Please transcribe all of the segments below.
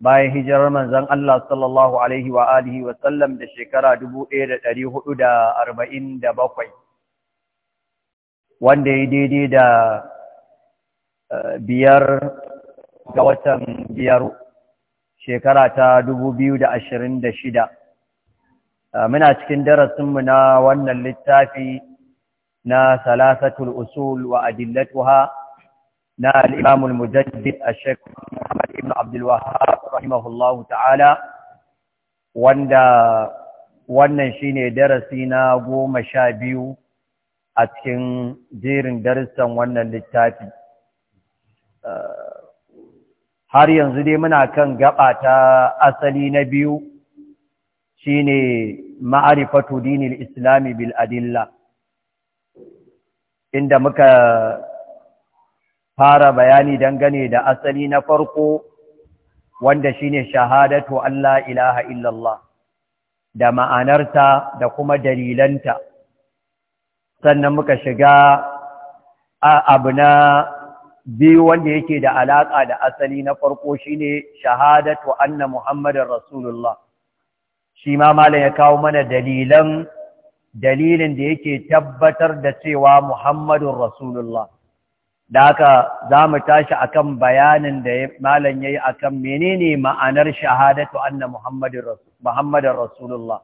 bayan hijirar manzon Allah sallallahu alaihi wa alihi wa sallam da shekara 1447 wanda ya daidai da eh, biyar ga watan biyar shekara ta 2026 eh, muna cikin darasinmu na wannan littafi na salasatul usul wa adillatuha na al al-mujaddid ash ibn Abdul Wahhab rahimahullahu ta'ala wanda wannan shine darasi na goma sha biyu a cikin jerin darussan wannan littafi har yanzu dai muna kan gaba ta asali na biyu shine ma'arifatu dinil islami bil adilla inda muka fara bayani dangane da asali na farko wanda shine shahadatu Allah ilaha illallah da ma'anarta da kuma dalilanta sannan muka shiga a abu na biyu wanda yake da alaƙa da asali na farko shine shahadatu anna muhammadar rasulullah shi ma malam ya kawo mana dalilan dalilin da yake tabbatar da cewa muhammadun rasulullah da haka za mu tashi akan bayanin da malam ya yi akan menene ma'anar shahadatu anna muhammadin rasulullah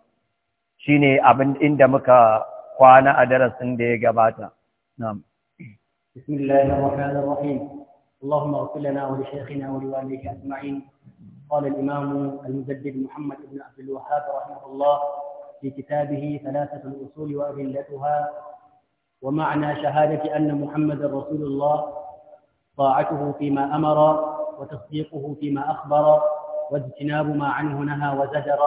shi ne abin inda muka kwana a darasin da ya gabata اللهم اغفر لنا ولشيخنا ولوالديه اجمعين قال الامام المجدد محمد بن عبد الوهاب رحمه الله في كتابه ثلاثه الاصول وادلتها ومعنى شهادة أن محمد رسول الله طاعته فيما أمر وتصديقه فيما أخبر واجتناب ما عنه نهى وزجر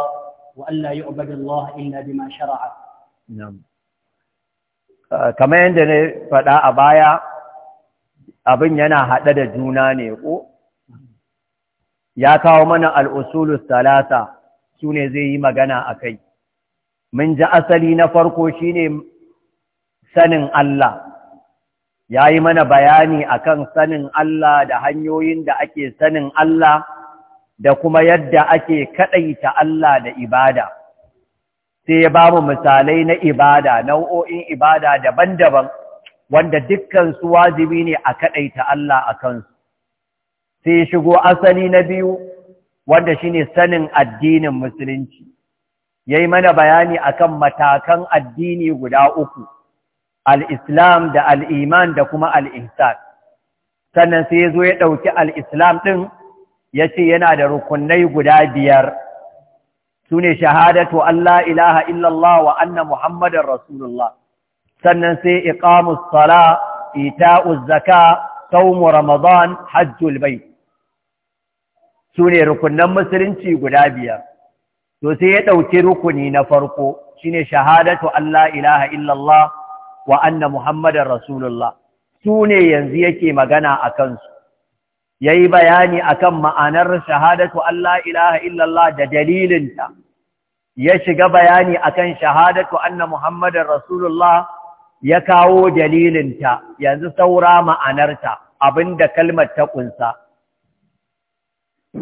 وألا يعبد الله إلا بما شرع نعم kamar yadda na faɗa a baya abin yana haɗe da juna ne ko ya kawo mana al'usulus talata su ne zai yi magana a kai mun ji asali na farko shine sanin Allah ya yi mana bayani akan sanin Allah da hanyoyin da ake sanin Allah da kuma yadda ake kaɗaita Allah da ibada sai ya ba mu misalai na ibada nau'o'in ibada daban-daban wanda dukkan su wajibi ne a kaɗaita Allah a kansu sai shigo asali na biyu wanda shine sanin addinin musulunci Ya yi mana bayani akan matakan addini guda uku al-islam da al-iman da kuma al-ihsan sannan sai ya zo ya ɗauki al-islam ɗin ya ce yana da rukunai guda biyar su ne shahadatu Allah ilaha illallah wa anna muhammadun Rasulullah sannan sai iqamus sala ita'uz zaka saumu ramadan hajjul su ne rukunan musulunci guda biyar to sai ya ɗauki rukuni na farko shine shahadatu Allah ilaha illallah wa anna muhammadar rasulullah su ne yanzu yake magana a kansu ya yi bayani a kan ma'anar shahadatu Allah ilaha illallah da dalilinta ya shiga bayani a kan shahadatu anna muhammadar rasulullah ya kawo dalilinta yanzu saura ma'anarta abinda kalmar ta kunsa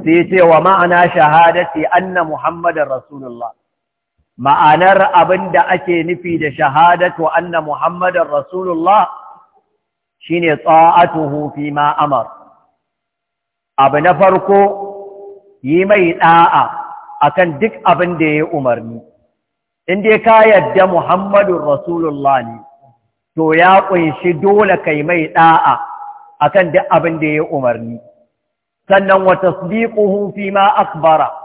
sai ce wa ma'ana shahadati anna muhammadar rasulullah ma'anar abin da ake nufi da shahadatu anna muhammadar rasulullah shine tsa'atuhu fi ma amar abu na farko yi mai ɗa'a akan duk abin da ya umarni in dai ka yadda muhammadun rasulullah ne to ya ƙunshi dole kai mai ɗa'a akan duk abin da ya umarni sannan wa tasdiquhu fi ma akbara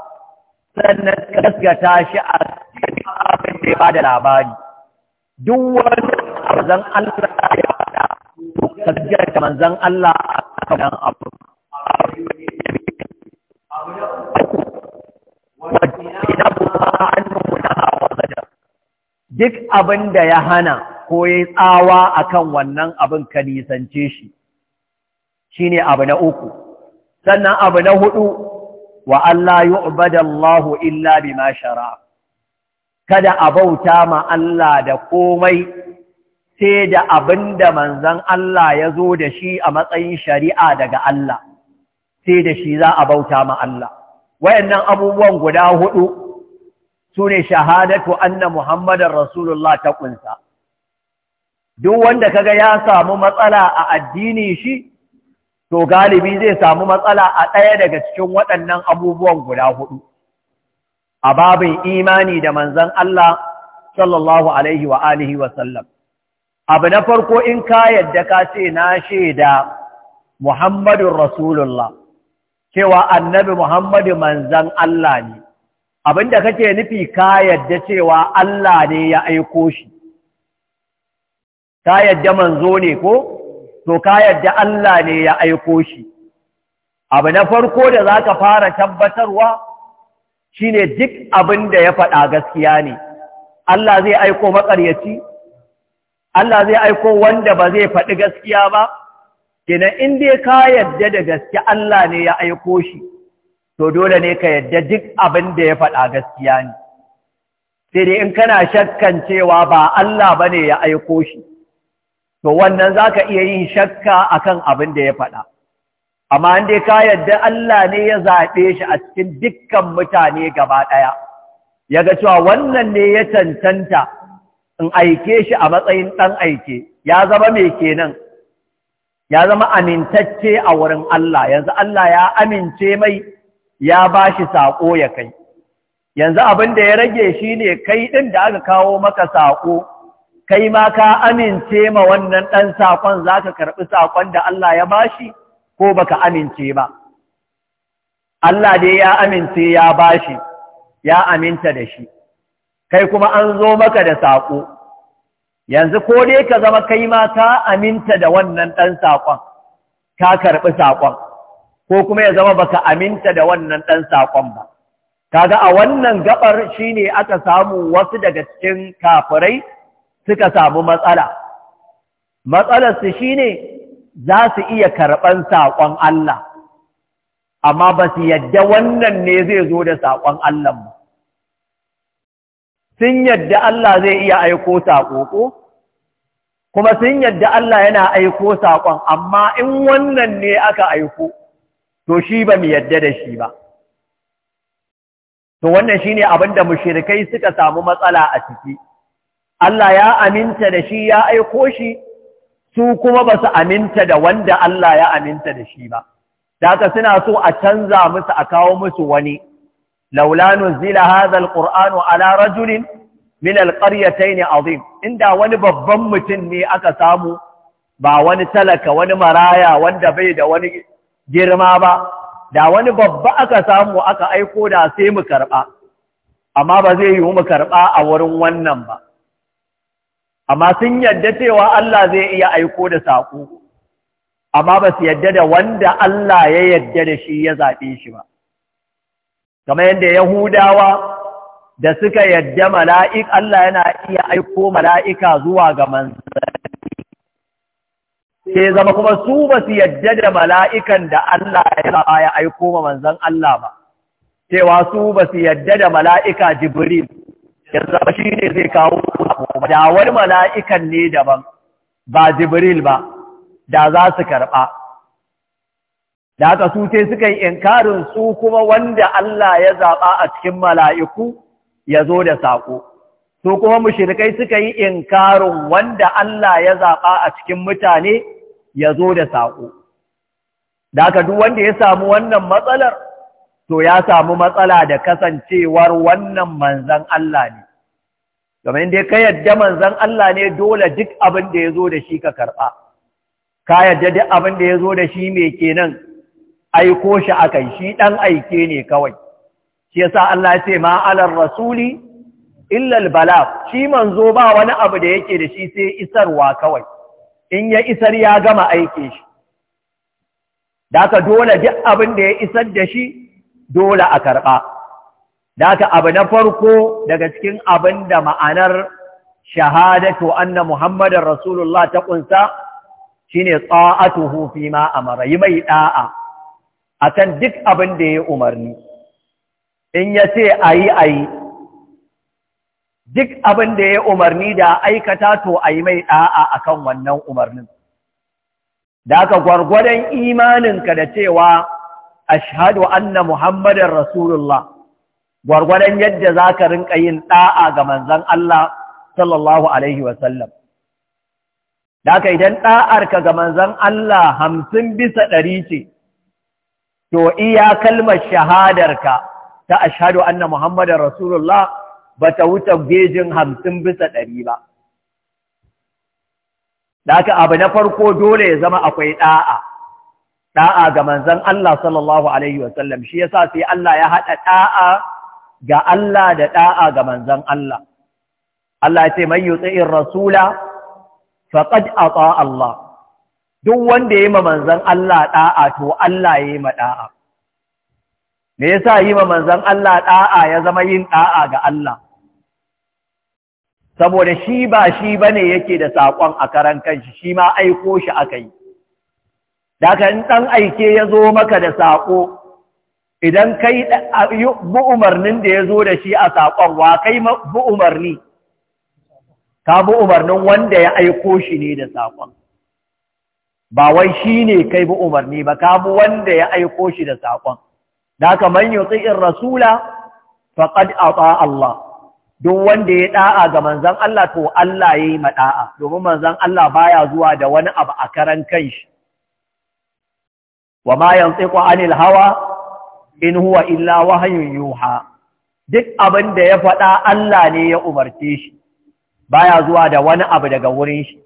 sannan ka gaskata shi a cikin abin da ya ba da labari duk wani abuzan Allah ya faɗa kasgata da manzan Allah a kan abu duk abin da ya hana ko ya tsawa akan wannan abin ka nisance shi shine abu na uku sannan abu na hudu wa Allah yu'bada Allahu illa bima shara kada a bauta ma Allah da komai sai da abinda manzon Allah ya zo da shi a matsayin shari'a daga Allah sai da shi za a bauta ma Allah wayannan abubuwan guda hudu sune shahadatu anna muhammadun rasulullah ta ƙunsa. duk wanda kaga ya samu matsala a addini shi to galibi zai samu matsala a ɗaya daga cikin waɗannan abubuwan guda hudu a babin imani da manzan Allah sallallahu alaihi wa alihi wa sallam abu na farko in ka yadda ka ce na shaida Muhammadun Rasulullah cewa annabi Muhammadu manzan Allah ne abinda kake nufi ka yadda cewa Allah ne ya aiko shi ka yadda manzo ne ko to ka yadda Allah ne ya aiko shi abu na farko da za ka fara tabbatarwa shine duk abin da ya faɗa gaskiya ne Allah zai aiko maƙaryaci Allah zai aiko wanda ba zai faɗi gaskiya ba kenan in dai ka yadda da gaske Allah ne ya aiko shi to dole ne ka yadda duk abin da ya faɗa gaskiya ne sai dai in kana shakkan cewa ba Allah ba ne ya aiko shi to wannan za ka iya yin shakka akan abin da ya faɗa amma an dai ka yadda Allah ne ya zaɓe shi a cikin dukkan mutane gaba ɗaya ya ga cewa wannan ne ya cancanta in aike shi a matsayin ɗan aike ya zama mai kenan ya zama amintacce a wurin Allah yanzu Allah ya amince mai ya ba shi saƙo ya kai yanzu abin da ya rage shi ne kai ɗin da aka kawo maka saƙo kai ma ka amince ma wannan ɗan saƙon za ka karɓi saƙon da Allah ya bashi ko ba ka amince ba. Allah dai ya amince ya bashi, ya aminta da shi, kai kuma an zo maka da saƙo, yanzu ko dai ka zama kai ma ka aminta da wannan ɗan saƙon, ka karɓi saƙon, ko kuma ya zama ba ka aminta da wannan ɗan saƙon ba. Kaga a wannan gabar shine aka samu wasu daga cikin kafirai suka samu matsala matsalarsu shine za su iya karɓar saƙon Allah amma ba su yadda wannan ne zai zo da saƙon Allah ba sun yadda Allah zai iya aiko saƙoƙo, kuma sun yadda Allah yana aiko saƙon amma in wannan ne aka aiko to shi ba mu yadda da shi ba to wannan shine abin da mushirikai suka samu matsala a ciki Allah ya aminta da shi ya aiko shi su kuma ba su aminta da wanda Allah ya aminta da shi ba da haka suna so a canza musu a kawo musu wani laula nuzila hadha alqur'anu ala rajulin min alqaryatayn azim inda wani babban mutum ne aka samu ba wani talaka wani maraya wanda bai da wani girma ba da wani babba aka samu aka aiko da sai mu karɓa. amma ba zai yi mu karɓa a wurin wannan ba amma sun yadda cewa Allah zai iya aiko da saƙo amma ba su yadda da wanda Allah ya yadda da shi ya zaɓe shi ba Kama yadda Yahudawa da suka yadda mala'ik Allah yana iya aiko mala'ika zuwa ga manzanni Ke zama kuma su ba su yadda da mala'ikan da Allah ya aiko ma manzan Allah ba cewa su ba su yadda da mala'ika Jibril yanzu ba shi ne zai kawo da wani mala'ikan ne daban ba jibril ba da za su karɓa da aka su suka yi inkarin su kuma wanda Allah ya zaɓa a cikin mala'iku ya zo da saƙo su kuma mushirikai suka yi inkarin wanda Allah ya zaɓa a cikin mutane ya zo da saƙo da aka duk wanda ya samu wannan matsalar to ya samu matsala da kasancewar wannan manzan Allah ne. Domin dai ka yadda manzan Allah ne dole duk abin da ya zo da shi ka karɓa, ka yadda duk abin da ya zo da shi mai kenan aiko shi a kai, shi ɗan aike ne kawai. Shi yasa Allah ya ce ma'alar rasuli, illal bala, shi manzo ba wani abu da yake da shi sai isarwa kawai, in ya isar ya gama aike shi. Da ka dole duk abin da ya isar da shi, dole a karɓa. Da abu na farko daga cikin abin da ma'anar shahadatu anna Muhammadun Rasulullah ta ƙunsa shi ne tsa'atuhu fi ma a marayi mai ɗa'a a kan duk abin da ya umarni. In ya ce a yi a yi, duk abin da ya umarni da aikata to a yi mai ɗa'a a kan wannan umarnin. Daka gwargwadon imaninka da cewa ashhadu anna muhammadar rasulullah gwargwadon yadda za ka rinka yin ɗa'a ga manzan Allah sallallahu Alaihi wasallam. Da ka idan ɗa'arka ga manzan Allah hamsin bisa ɗari ce, to iya kalmar shahadarka ta ashadu anna Muhammadin Rasulullah ba ta wuce gejin hamsin bisa ɗari ba. Da ka abu na farko dole ya zama akwai ɗa'a. da'a ga manzan Allah sallallahu alaihi wa sallam shi sa sai Allah ya haɗa da'a ga Allah da da'a ga manzan Allah Allah ya ce yi yuti'ir rasula faqad ata Allah duk wanda ya yi ma manzan Allah da'a to Allah ya yi ma da'a me ya sa yi ma manzan Allah da'a ya zama yin da'a ga Allah saboda shi ba shi ba ne yake da saƙon a karan kanshi shi ma aiko shi aka yi daka in ɗan aike ya zo maka da saƙo idan kai bu umarnin da ya zo da shi a saƙon wa kai bu umarni ka bu umarnin wanda ya aiko shi ne da saƙon ba wai shi ne kai bu umarni ba ka bi wanda ya aiko shi da saƙon da ka man in rasula a ata Allah duk wanda ya ɗa'a ga manzan Allah to Allah yayi ma da'a domin manzon Allah baya zuwa da wani abu a karan kanshi wa ma yantiqu anil hawa in huwa illa wahayun yuha duk abin da ya faɗa Allah ne ya umarce shi baya zuwa da wani abu daga wurin shi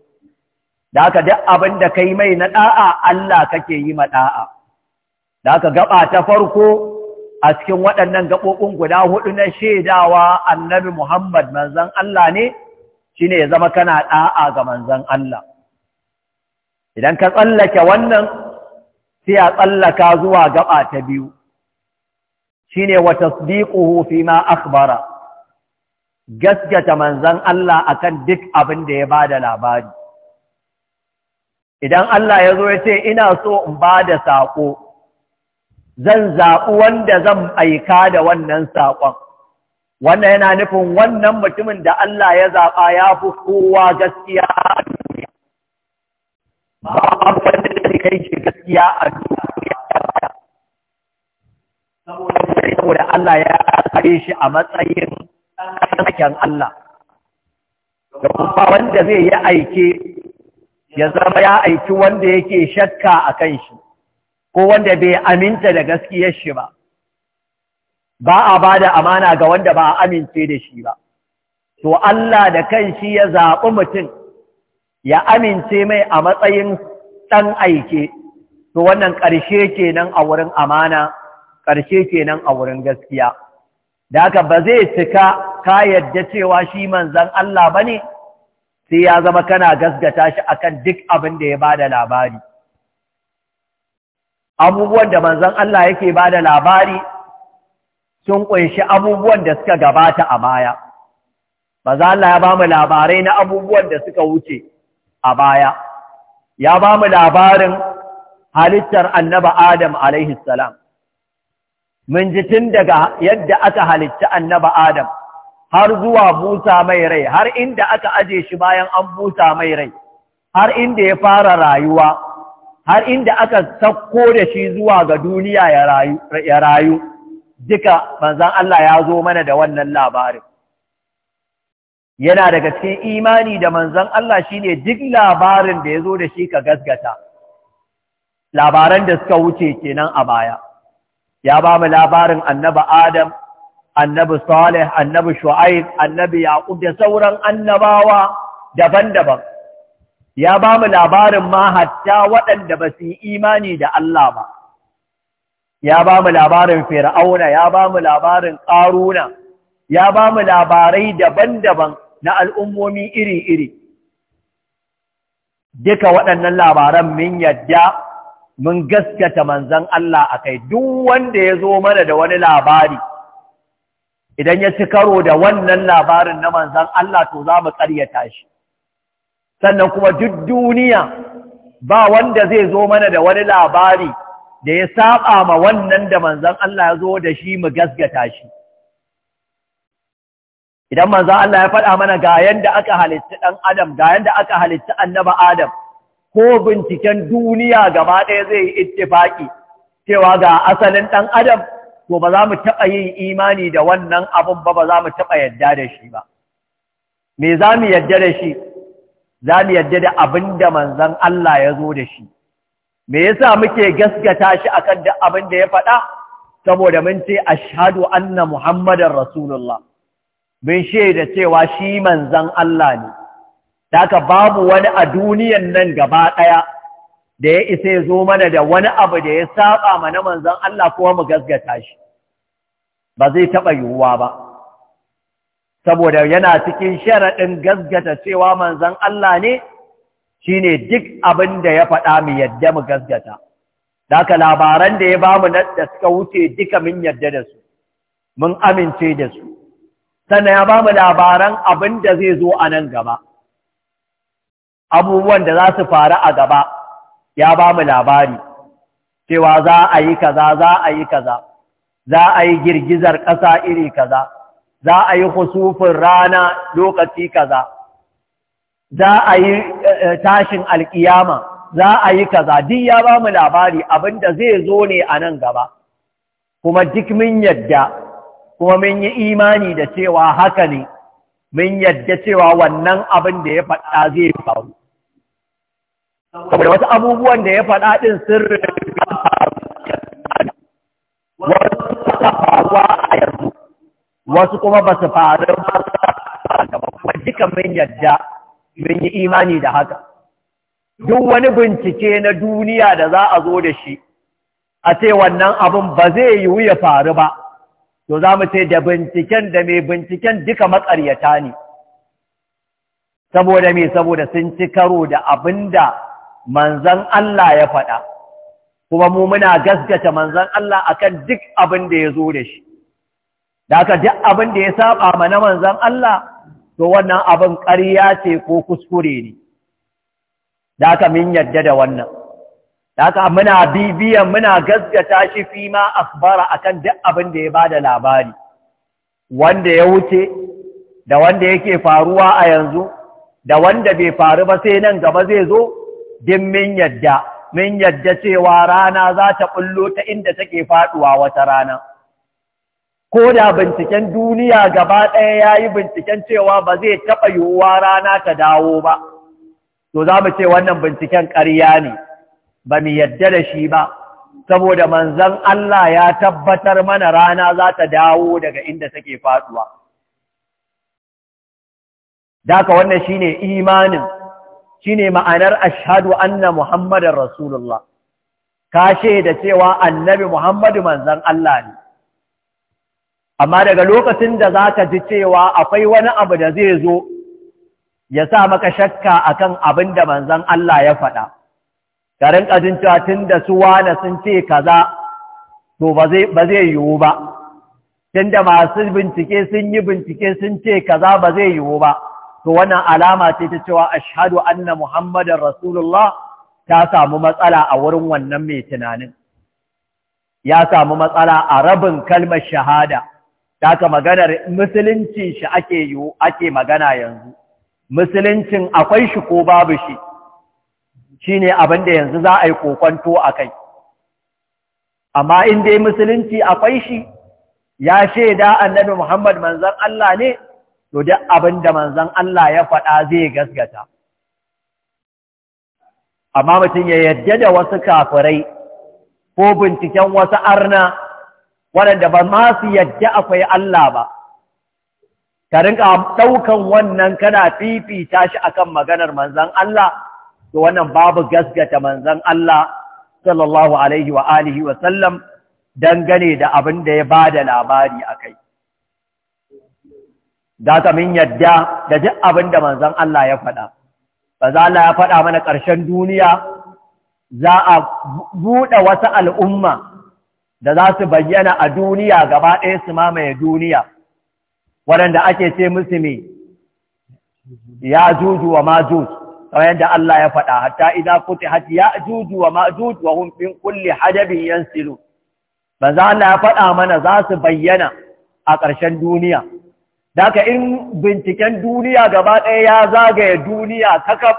da aka duk abin da kai mai na ɗa'a Allah kake yi ma da'a da aka gaba ta farko a cikin waɗannan gaɓoɓin guda hudu na shaidawa annabi Muhammad manzon Allah ne shine ya zama kana da'a ga manzon Allah idan ka tsallake wannan sai a tsallaka zuwa gaba ta biyu shine wa tasdiquhu fima akhbara gaskata manzon Allah akan duk abin da ya da labari idan Allah ya zo ya ce ina so in bada saƙo, zan zaɓi wanda zan aika da wannan saƙon. wannan yana nufin wannan mutumin da Allah ya zaɓa ya fi kowa gaskiya ba wanda da kai shi gaskiya a duniya saboda Allah ya kare shi a matsayin sakin Allah da kuma wanda zai yi aiki ya zama ya aiki wanda yake shakka a kan shi ko wanda bai aminta da gaskiyar shi ba ba a ba da amana ga wanda ba a amince da shi ba to Allah da kan shi ya zaɓi mutum ya amince mai a matsayin ɗan aike to wannan ƙarshe nan a wurin amana ƙarshe nan a wurin gaskiya da haka ba zai cika ka yadda cewa shi manzan Allah ba ne sai ya zama kana gasgata shi akan duk abin da ya ba da labari abubuwan da manzan Allah yake ba da labari sun ƙunshi abubuwan da suka gabata a baya. Ba za Allah ya ba mu labarai na abubuwan da suka wuce, a baya ya ba mu labarin halittar annaba Adam alaihi salam mun ji tun daga yadda aka halitta annaba Adam har zuwa busa mai rai har inda aka aje shi bayan an busa mai rai har inda ya fara rayuwa har inda aka sakko da shi zuwa ga duniya ya rayu duka manzan Allah ya zo mana da wannan labarin yana daga cikin imani da manzan Allah shine duk labarin da ya zo da shi ka gasgata labaran da suka wuce kenan a baya ya ba mu labarin annabi Adam annabi Salih annabi Shu'aib annabi Yaqub da sauran annabawa daban-daban ya ba mu labarin ma hatta waɗanda ba su yi imani da Allah ba ya ba mu labarin fir'auna ya ba mu labarin ƙaruna ya ba mu labarai daban-daban na al'ummomi iri-iri. Duka waɗannan labaran min yadda mun gaskata manzan Allah a kai, duk wanda ya zo mana da wani labari, idan ya ci karo da wannan labarin na manzan Allah to za mu ƙaryata shi. Sannan kuma duk duniya ba wanda zai zo mana da wani labari da ya saba ma wannan da manzan Allah ya zo da shi mu gaskata shi. idan manzon Allah ya faɗa mana ga yanda aka halitta ɗan adam ga yanda aka halitta annaba adam ko binciken duniya gaba ɗaya zai yi ittifaki cewa ga asalin ɗan adam to ba za mu taɓa yin imani da wannan abin ba ba za mu taɓa yadda da shi ba me za mu yadda da shi za mu yadda da abin da manzan Allah ya zo da shi me yasa muke gaskata shi akan da abin da ya faɗa saboda mun ce ashhadu anna muhammadar rasulullah bin shaida cewa shi manzan Allah ne, Da aka babu wani a duniyan nan gaba ɗaya da ya isa ya zo mana da wani abu da ya saba mana manzan Allah kuma mu gasgata shi, ba zai taɓa yiwuwa ba. Saboda yana cikin sharaɗin gasgata cewa manzan Allah ne, shi ne duk abin da ya faɗa mu yadda mu gasgata. Daka labaran da ya ba mu da suka wuce duka mun yadda da su, mun amince da su. sannan ya ba mu labaran abin da zai zo a nan gaba abubuwan da za su faru a gaba ya ba mu labari cewa za a yi kaza za a yi kaza za a yi girgizar ƙasa iri kaza za a yi kusufin rana lokaci kaza za a yi eh, eh, tashin alƙiyama za a yi kaza duk ya ba mu labari abin da zai zo ne a nan gaba kuma duk mun yadda kuma mun yi imani da cewa haka ne mun yadda cewa wannan abin da ya faɗa zai faru saboda wasu abubuwan da ya faɗa ɗin sun wasu faruwa a yanzu wasu kuma ba su faru ba duka mun yadda mun yi imani da haka duk wani bincike na duniya da za a zo da shi a ce wannan abin ba zai yiwu ya faru ba to za mu ce da binciken da mai binciken duka matsaryata ne saboda mai saboda sun ci karo da abinda manzan Allah ya faɗa kuma mu muna gaskata manzan Allah akan duk abin da ya zo da shi da aka duk abin da ya saba mana manzan Allah to wannan abin ƙarya ce ko kuskure ne da aka min yadda da wannan Daka muna bibiyan muna gaskata shi fi ma a kan duk abin da ya bada labari wanda ya wuce da wanda yake faruwa a yanzu da wanda bai faru ba sai nan gaba zai zo din min yadda min yadda cewa rana za ta bullo ta inda take faduwa wata rana ko da binciken duniya gaba ɗaya ya yi binciken cewa ba zai taɓa yiwuwa rana ta dawo ba to za mu ce wannan binciken ƙarya ne ba mu yadda da shi ba saboda manzan Allah ya tabbatar mana rana za ta dawo daga inda take faduwa daka wannan shine imanin shine ma'anar ashhadu anna muhammadar rasulullah Kashe da cewa annabi muhammadu manzan Allah ne amma daga lokacin da zaka ji cewa akwai wani abu da zai zo ya sa maka shakka akan abin da manzan Allah ya faɗa ka rinka jin cewa tun da su wane sun ce kaza to ba zai yiwu ba tun da masu bincike sun yi bincike sun ce kaza ba zai yiwu ba to wannan alama ce ta cewa ashhadu anna Muhammadu rasulullah ta samu matsala a wurin wannan mai tunanin ya samu matsala a rabin kalmar shahada ka maganar musulunci shi ake ake magana yanzu musuluncin akwai shi ko babu shi Shi ne abinda yanzu za a yi kokonto a kai amma in dai musulunci akwai shi ya shaida annabi Muhammad manzon Allah ne to duk abinda da manzon Allah ya faɗa zai gasgata amma mutum ya yadda da wasu kafirai ko binciken wasu arna waɗanda ba masu yadda akwai Allah ba ka rinka ɗaukan wannan kana fifita shi akan maganar manzon Allah to wannan babu gaskata manzon Allah sallallahu alaihi wa alihi wa sallam dangane da abin da ya bada labari akai da ta min yadda da duk abin da manzon Allah ya faɗa bazan Allah ya faɗa mana ƙarshen duniya za a buɗe wata al'umma da za su bayyana a duniya gaba ɗaya su mamaye duniya waɗanda ake ce musu me ya juju wa ma juju kamar yadda Allah ya faɗa hatta idza futihat ya'juj wa ma'juj wa hum min kulli silu yansilu za Allah ya faɗa mana za su bayyana a ƙarshen duniya daka in binciken duniya gaba ɗaya ya zagaye duniya kaka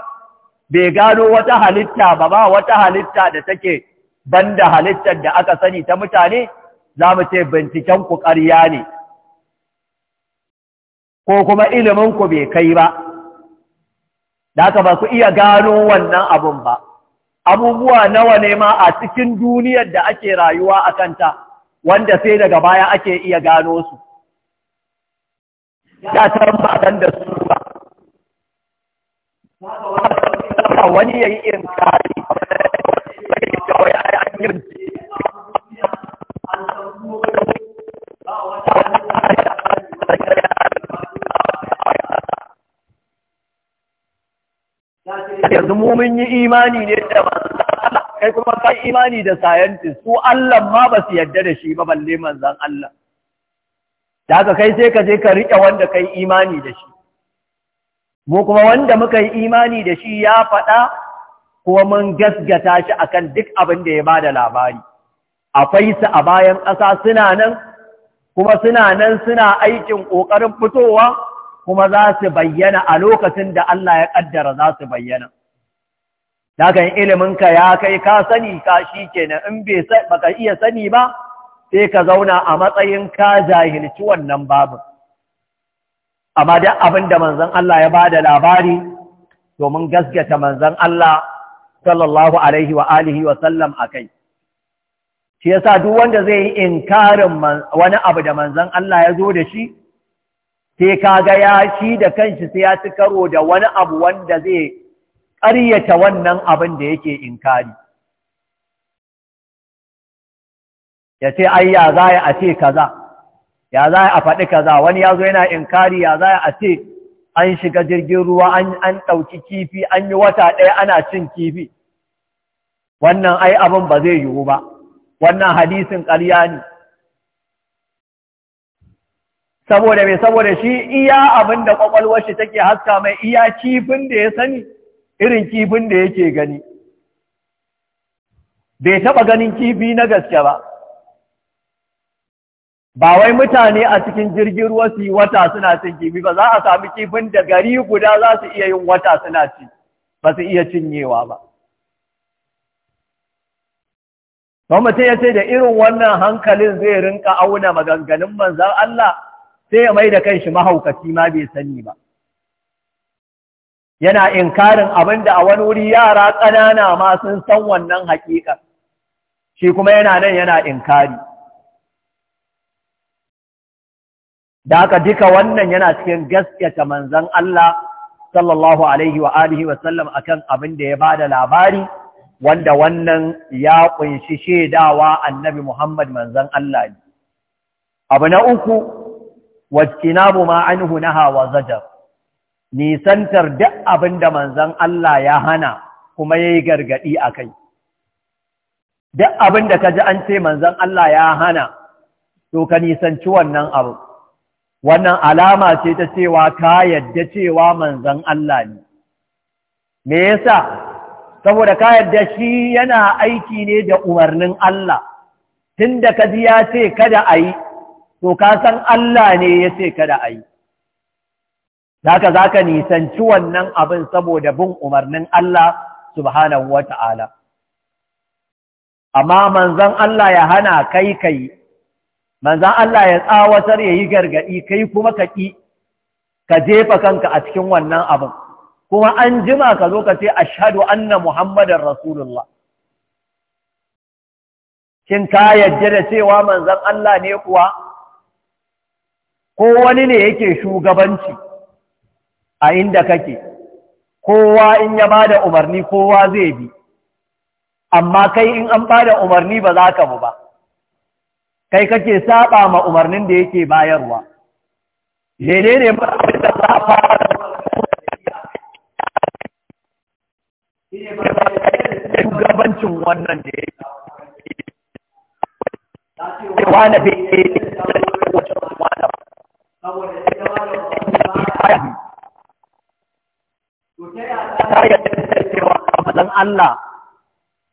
bai gano wata halitta ba ba wata halitta da take banda halittar da aka sani ta mutane za mu ce binciken ku ƙarya ne ko kuma ilimin ku bai kai ba da aka ba ku iya gano wannan abun ba abubuwa nawa ne ma a cikin duniyar da ake rayuwa a kanta wanda sai daga baya ake iya gano su ya don da su ba wani ya yi in kari an yanzu mu mun yi imani ne da manzan Allah kai kuma ka imani da scientist su Allah ma ba su yarda da shi ba balle manzan Allah da haka kai sai ka je ka riƙe wanda kai imani da shi mu kuma wanda muka yi imani da shi ya faɗa kuma mun gasgata shi akan duk abin da ya ba da labari akwai su a bayan ƙasa suna nan kuma suna nan suna aikin ƙoƙarin fitowa kuma za su bayyana a lokacin da Allah ya ƙaddara za su bayyana. Dakan iliminka ya kai ka sani ka shi kenan in baka iya sani ba, sai ka zauna a matsayin ka jahilci wannan babu. Amma duk abin da manzan Allah ya ba da labari domin gaskata manzon Allah sallallahu Alaihi wa’alihi wa sallam a kai. Shi ya sa duk wanda zai yi inkarin wani abu da manzon Allah ya zo da shi, sai kaga ya shi da kanshi sai ya ci karo da wani abu wanda zai ƙaryata wannan abin da yake inkari ya ce ai ya za a ce kaza ya za a faɗi kaza wani ya zo yana inkari ya za a ce an shiga jirgin ruwa an ɗauki kifi an yi wata ɗaya ana cin kifi wannan ai abin ba zai yiwu ba wannan hadisin ƙarya ne saboda mai saboda shi iya abin da kwakwalwar shi take haska mai iya kifin da ya sani irin kifin da yake gani bai taɓa ganin kifi na gaske ba ba wai mutane a cikin jirgin ruwa su yi wata suna cin kifi ba za a sami kifin da gari guda za su iya yin wata suna ci ba su iya cinyewa ba ba mutum ya ce da irin wannan hankalin zai rinka auna maganganun manzan Allah sai ya mai da kanshi mahaukaci ma bai sani ba yana inkarin abin da a wani wuri yara ƙanana ma sun san wannan haƙiƙa shi kuma yana nan yana inkari da haka duka wannan yana cikin gaskata manzan Allah sallallahu alaihi wa alihi wa sallam akan abin da ya bada labari wanda wannan ya ƙunshi shedawa annabi Muhammad manzan Allah ne abu na uku wajtinabu ma anhu naha wa zajar nisantar duk abin da manzon Allah ya hana kuma yayi gargadi akai da abin kaji an ce manzon Allah ya hana to ka nisanci wannan abu wannan alama ce ta cewa ka yadda cewa manzon Allah ne me yasa saboda ka yadda shi yana aiki ne da umarnin Allah tunda kaji ya ce kada a yi to ka san Allah ne ya ce kada a yi haka za ka nisanci wannan abin saboda bin umarnin Allah subhanahu wa ta'ala amma manzan Allah ya hana kai kai manzan Allah ya tsawatar ya yi gargaɗi kai kuma ka ƙi ka jefa kanka a cikin wannan abin kuma an jima ka zo ka ce ashadu anna Muhammadan rasulullah shin ka yadda da cewa manzan Allah ne kuwa ko wani ne yake shugabanci a inda kake kowa in ya ba da umarni kowa zai bi amma kai in an ba da umarni ba za ka bu ba kai kake saba ma umarnin da yake bayarwa lele ne ma da za a fara shugabancin wannan da yake wane bai Allah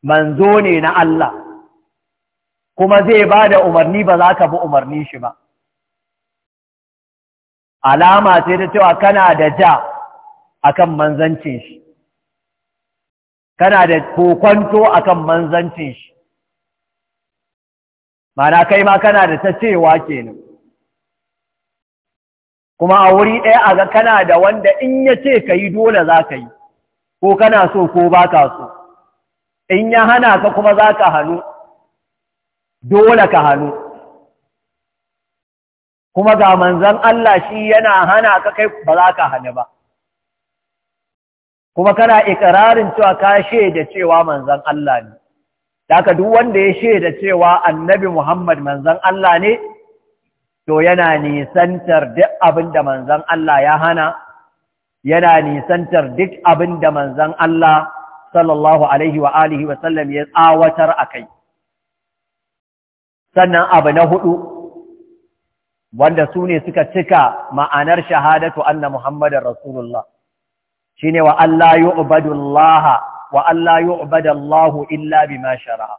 manzo ne na Allah kuma zai ba da umarni ba za ka bi umarni shi ba alama sai ta cewa kana da ja akan manzancin shi kana da kokonto akan manzancin shi mana kai ma kana da ta cewa kenan kuma a wuri ɗaya a ga kana da wanda in ya ce ka yi dole za ka yi ko kana so ko ba ka so in ya hana ka kuma za ka hannu dole ka hannu kuma ga manzan Allah shi yana hana ka kai ba za ka hannu ba kuma kana ikirarin cewa ka shaida cewa manzan Allah ne da duk wanda ya shaida cewa annabi Muhammad manzan Allah ne to yana nisantar duk abin da manzan Allah ya hana yana nisantar duk abin da manzan Allah sallallahu alaihi wa alihi wa sallam ya tsawatar a kai. sannan abu na hudu wanda su ne suka cika ma'anar shahadatu anna Muhammadu rasulullah shine wa Allah yu'badu Allah wa Allah illa bima shara'a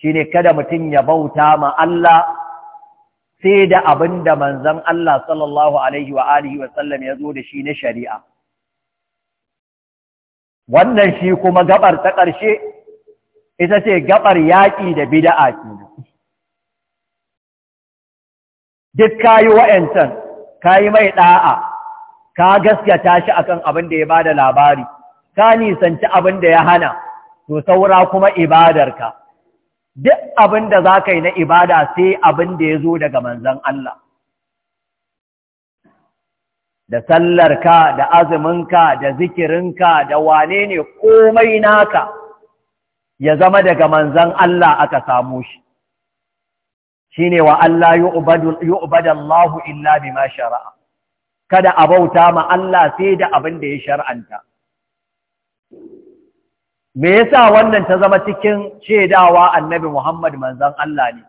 shine kada mutum ya bauta ma Allah sai da abin da manzan Allah sallallahu Alaihi wa alihi ya zo da shi na shari'a. Wannan shi kuma gabar ta ƙarshe, ita ce gabar yaƙi da bida'a ke. Duk kayi wa'yancan, yi mai ɗa'a, ka gaskata shi kan abin da ya ba da labari, ka nisanci abin da ya hana, to saura kuma ibadarka. duk abin da za ka yi na ibada sai abin da ya zo daga manzan Allah. Da sallar ka, da azuminka, da zikirinka, da wane ne komai naka ya zama daga manzan Allah aka samu shi. Shi ne wa Allah yi yu'ubadallahu illa ma shara'a. Kada a bauta ma Allah sai da abin da ya shar'anta. me yasa wannan ta zama cikin shaidawa annabi Muhammad manzon Allah ne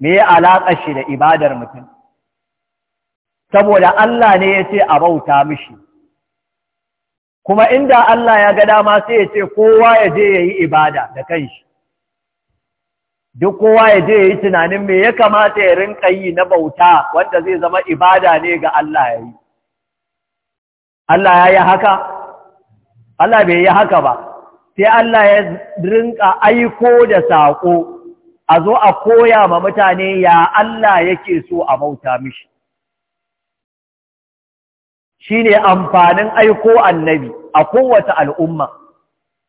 me ya alaƙa shi da ibadar mutum saboda Allah ne ya ce a bauta mishi kuma inda Allah ya ga dama sai ya ce kowa ya je ya yi ibada da kanshi duk kowa ya je ya yi tunanin me ya kamata ya rinka yi na bauta wanda zai zama ibada ne ga Allah ya yi Allah ya yi haka Allah bai yi haka ba sai Allah ya rinka aiko da saƙo a zo a koya ma mutane ya Allah yake so a bauta mishi shi ne amfanin aiko annabi a kowace al'umma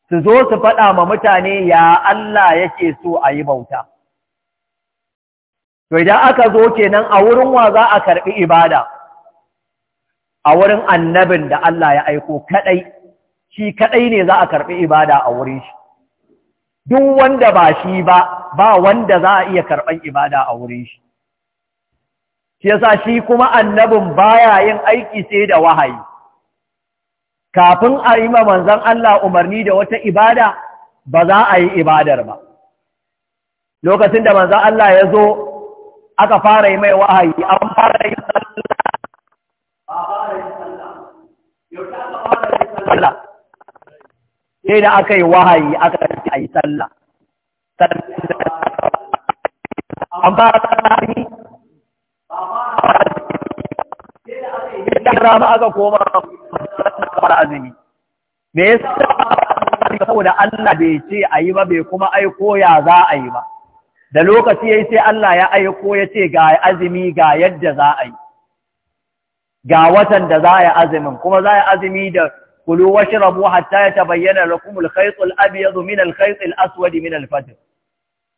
su zo su faɗa ma mutane ya Allah yake so a yi bauta to idan aka zo kenan a wurin wa za a karɓi ibada a wurin annabin da Allah ya aiko kaɗai shi kadai ne za a karɓi ibada a wurin shi duk wanda ba shi ba ba wanda za a iya karɓan ibada a wurin shi shi yasa shi kuma annabin baya yin aiki sai da wahayi kafin a yi ma manzon Allah umarni da wata ibada ba za a yi ibadar ba lokacin da manzon Allah ya zo aka fara yi mai wahayi an fara yin sallah sai da aka yi wahayi aka ce a yi sallah an ba ta tsari da aka koma fara azumi me ya yasa saboda Allah bai ce a yi ba bai kuma aiko ya za a yi ba da lokaci yayi sai Allah ya aiko ya ce ga azumi ga yadda za a yi ga watan da za a yi azumin kuma za a yi azumi da kulu washrabu hatta yatabayyana lakum al-khayt al-abyad min al-khayt al-aswad min al-fajr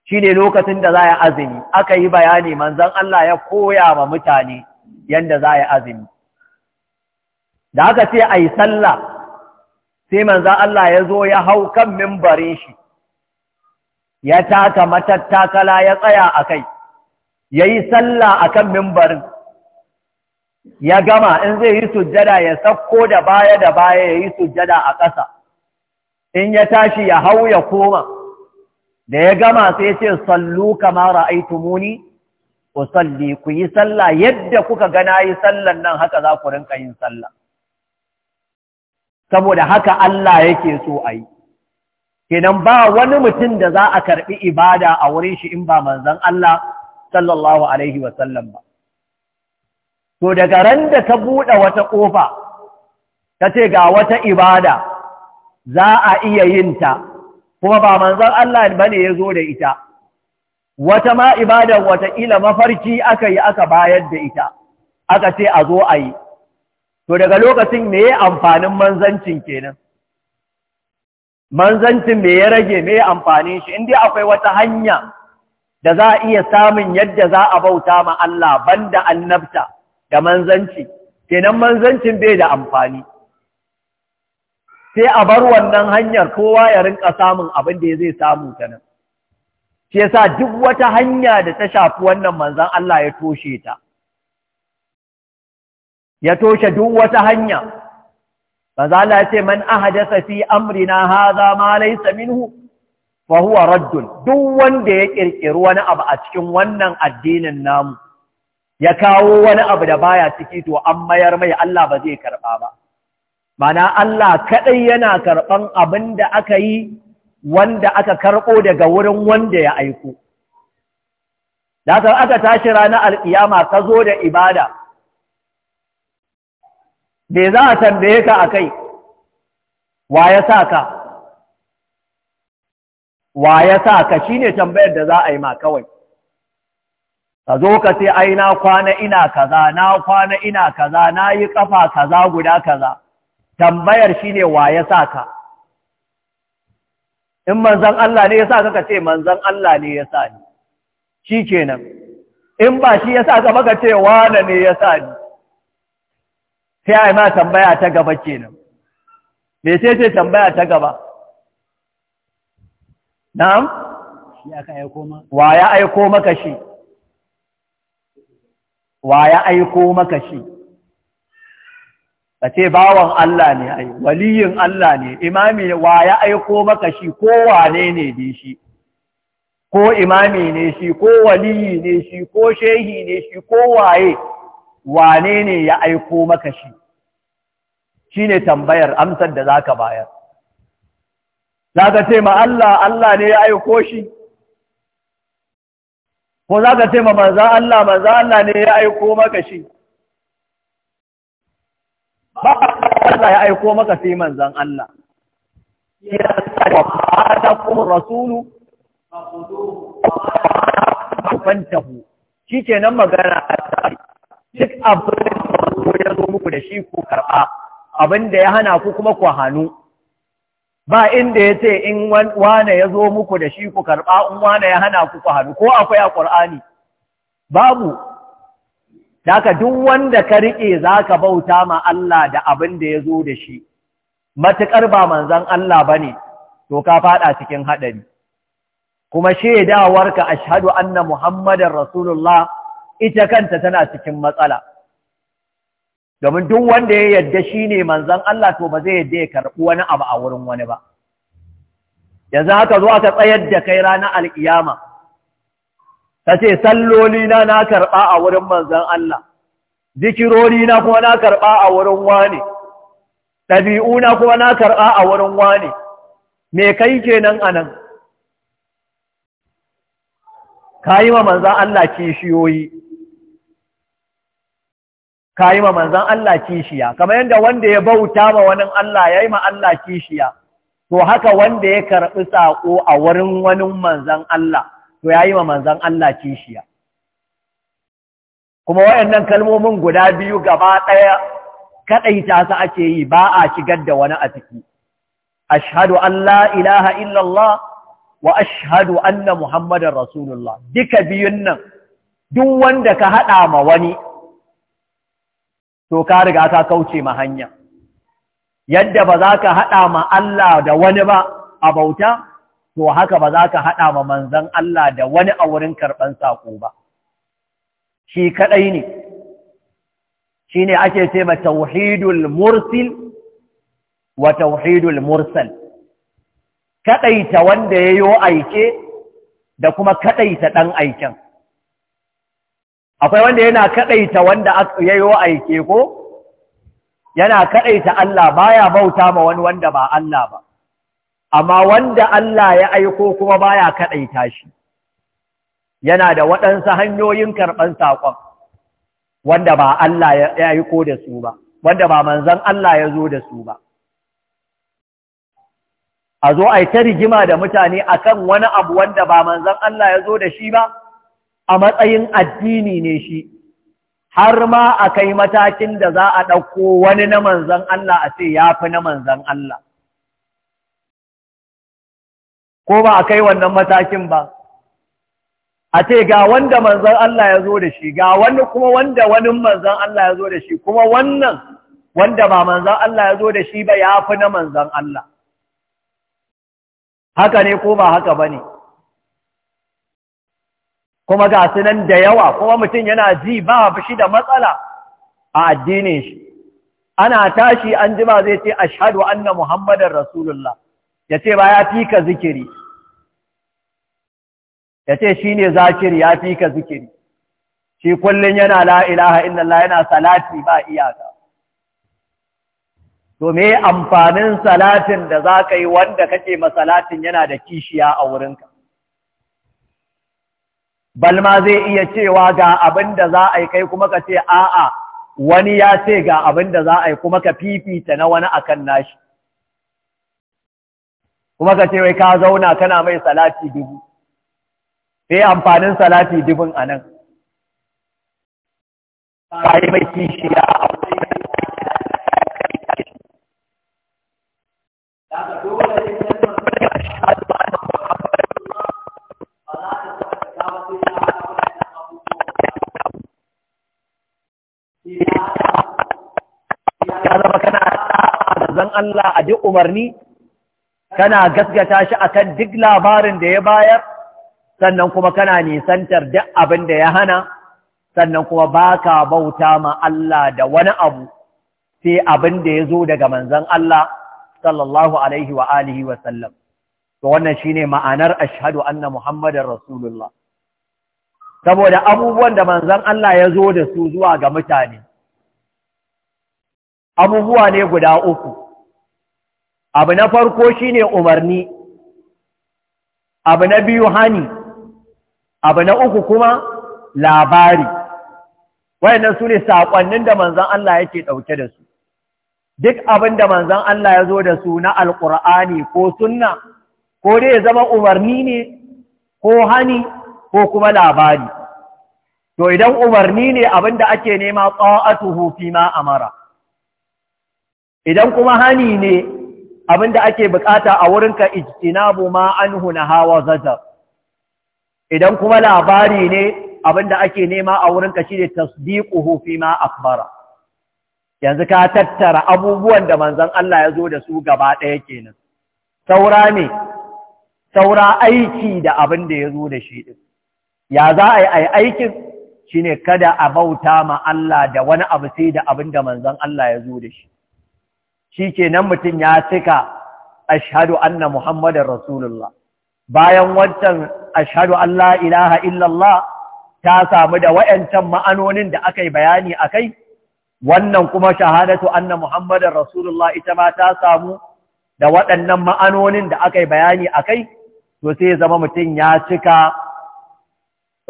shine lokacin da za ya azumi aka yi bayani manzon Allah ya koya wa mutane yanda za ya azumi da aka ce ai sallah sai manzon Allah ya zo ya hau kan mimbarin shi ya taka matattakala ya tsaya akai yayi sallah akan mimbarin ya gama in zai yi sujjada ya sakko da baya da baya ya yi sujjada a ƙasa in ya tashi ya hau ya koma da ya gama sai ce sallu kama aitu muni, ku salli ku yi sallah yadda kuka ga yi sallan nan haka za ku rinka yin salla saboda haka Allah yake so a yi kenan ba wani mutum da za a karɓi ibada a wurin shi in ba manzon Allah sallallahu alaihi wasallam ba to daga ran da ka buɗe wata ƙofa ka ce ga wata ibada za a iya yin ta kuma ba manzan Allah bane ya zo da ita wata ma ibadan wataƙila mafarki aka yi aka bayar da ita aka ce a zo a yi to daga lokacin me ya amfanin manzancin kenan manzancin me ya rage me ya amfanin shi dai akwai wata hanya da za a iya samun yadda za a bauta ma Allah banda annabta da manzanci kenan manzancin bai da amfani sai a bar wannan hanyar kowa ya rinka samun abin da zai samu ta nan shi sa duk wata hanya da ta shafi wannan manzan Allah ya toshe ta ya toshe duk wata hanya manzan Allah ya ce man ahdasa fi na haza ma laisa minhu fahuwa raddun duk wanda ya ƙirƙiri wani abu a cikin wannan addinin namu ya kawo wani abu da baya ciki to an mayar mai Allah ba zai karɓa ba mana Allah kaɗai yana karɓan abin da aka yi wanda aka karɓo daga wurin wanda ya aiko da aka tashi ranar alkiyama ka zo da ibada me za a tambaye ka a wa ya sa wa ya sa ka shine tambayar da za a yi ma kawai ka zo ka ce ai na kwana ina kaza na kwana ina kaza na yi ƙafa kaza guda kaza tambayar ne wa ya sa ka in manzan Allah ne ya sa ka ce manzan Allah ne ya sa ni shi kenan in ba shi ya sa ka maka ce wane ne ya sa ni sai yi ma tambaya ta gaba kenan me sai ce tambaya ta gaba na'am ya ka aiko maka wa ya aiko maka shi wa ya aiko maka shi ka ce bawan Allah ne ai waliyin Allah ne imami wa ya aiko maka shi ko wane ne ne shi ko imami ne shi ko waliyi ne shi ko shehi ne shi ko waye wane ne ya aiko maka shi Shi ne tambayar amsar da za ka bayar Za ka ce ma Allah Allah ne ya aiko shi ko za ka ce ma manzan Allah manzan Allah ne ya aiko maka shi ba Allah ya aiko maka sai manzan Allah ya sa ta kuma rasulu fantahu shi kenan magana duk abin da ya zo muku da shi ku karɓa abin da ya hana ku kuma ku hannu ba inda ya ce in wane ya zo muku da shi ku karɓa in wane ya hana ku ku ko akwai a ƙur'ani babu daga duk wanda ka riƙe za ka bauta ma Allah da abin da ya zo da shi matuƙar ba manzan Allah ba ne to ka faɗa cikin haɗari kuma shaidawarka ashadu anna Muhammadan rasulullah ita kanta tana cikin matsala domin duk wanda ya yadda shi ne manzan Allah to ba zai yadda ya karɓi wani abu a wurin wani ba yanzu haka zo aka tsayar da kai rana al'iyama ta ce salloli na na karɓa a wurin manzan Allah zikirori na kuma na karɓa a wurin wani ɗabi'u na kuma na karɓa a wurin wani me kai kenan a nan ka yi wa manzan Allah kishiyoyi ka yi ma manzan Allah kishiya kamar yadda wanda ya bauta ma wani Allah ya yi ma Allah kishiya to haka wanda ya karɓi saƙo a wurin wani manzan Allah to ya yi ma manzan Allah kishiya kuma waɗannan kalmomin guda biyu gaba ɗaya kaɗaita su ake yi ba a shigar da wani a ciki ashhadu an la ilaha illallah wa ashhadu anna muhammadar rasulullah duka biyun nan duk wanda ka haɗa ma wani to ka riga ka kauce ma hanya yadda ba za ka haɗa ma Allah da wani ba a bauta to haka ba za ka haɗa ma manzan Allah da wani a wurin karɓan saƙo ba shi kaɗai ne shi ne ake ce ma tauhidul mursil wa tauhidul mursal kaɗaita wanda ya yi aike da kuma kaɗaita ɗan aiken akwai wanda yana kaɗaita wanda yayo aike ko yana kaɗaita Allah baya bauta ma wani wanda ba Allah ba amma wanda Allah ya aiko kuma baya kaɗaita shi yana da waɗansu hanyoyin karɓan saƙon wanda ba Allah ya aiko da su ba wanda ba manzan Allah ya zo da su ba a zo a yi ta rigima da mutane akan wani abu wanda ba manzon Allah ya zo da shi ba a matsayin addini ne shi har ma a kai matakin da za a ɗauko wani na manzan Allah a ce ya fi na manzan Allah ko ba a kai wannan matakin ba a ce ga wanda manzan Allah ya zo da shi ga wani kuma wanda wani manzan Allah ya zo da shi kuma wannan wanda ba manzan Allah ya zo da shi ba ya fi na manzan Allah haka ne ko ba haka ba ne kuma ga sunan da yawa kuma mutum yana ji ba shi da matsala a addinin shi ana tashi an jima zai ce ashhadu anna Muhammadan rasulullah ya ce ba ya fi ka zikiri ya ce shi ne zakiri ya fi ka zikiri shi kullum yana la'ilaha illallah yana salati ba iyaka to me amfanin salatin da za ka yi wanda kake masalatin yana da kishiya a wurinka balma zai iya cewa ga abin da za a yi kai kuma ka ce a'a wani ya ce ga abin da za a yi kuma ka fifita na wani akan nashi kuma ka ce wai ka zauna kana mai salati dubu sai eh, amfanin salati dubun a nan ka mai kishiya a Manzan Allah a duk umarni kana gaskata shi akan duk labarin da ya bayar sannan kuma kana nisantar duk abin da ya hana sannan kuma baka bauta ma Allah da wani abu sai abin da ya zo daga manzon Allah sallallahu alaihi wa alihi to wannan shine ma'anar ashadu anna muhammadar rasulullah saboda abubuwan da manzon Allah ya zo da su zuwa ga mutane abubuwa ne guda uku abu na farko shine umarni abu na biyu hani abu na uku kuma labari wayannan su ne saƙonnin da manzon Allah yake ɗauke da su duk abin da manzan Allah ya zo da su na alƙur'ani ko sunna ko dai ya zama umarni ne ko hani ko kuma labari to idan umarni ne abin da ake nema tsawatuhu fi ma amara idan kuma hani ne Abin da ake bukata a wurinka ijtinabu ma anhu hawa zazab idan kuma labari ne abinda ake nema a wurinka shine tasdiquhu fi ma akhbara yanzu ka tattara abubuwan da manzon Allah ya zo da su gaba ɗaya kenan saura ne saura aiki da abin da ya da shi din ya za a yi aikin shine kada a bauta ma Allah da wani abu sai da abinda manzon Allah yazo da shi shi kenan mutum ya cika ashhadu anna muhammadar rasulullah bayan wancan ashhadu an la ilaha illallah ta samu da wayancan ma'anonin da aka yi bayani a kai wannan kuma shahadatu anna muhammadar rasulullah ita ma ta samu da waɗannan ma'anonin da aka yi bayani a kai to sai zama mutum ya cika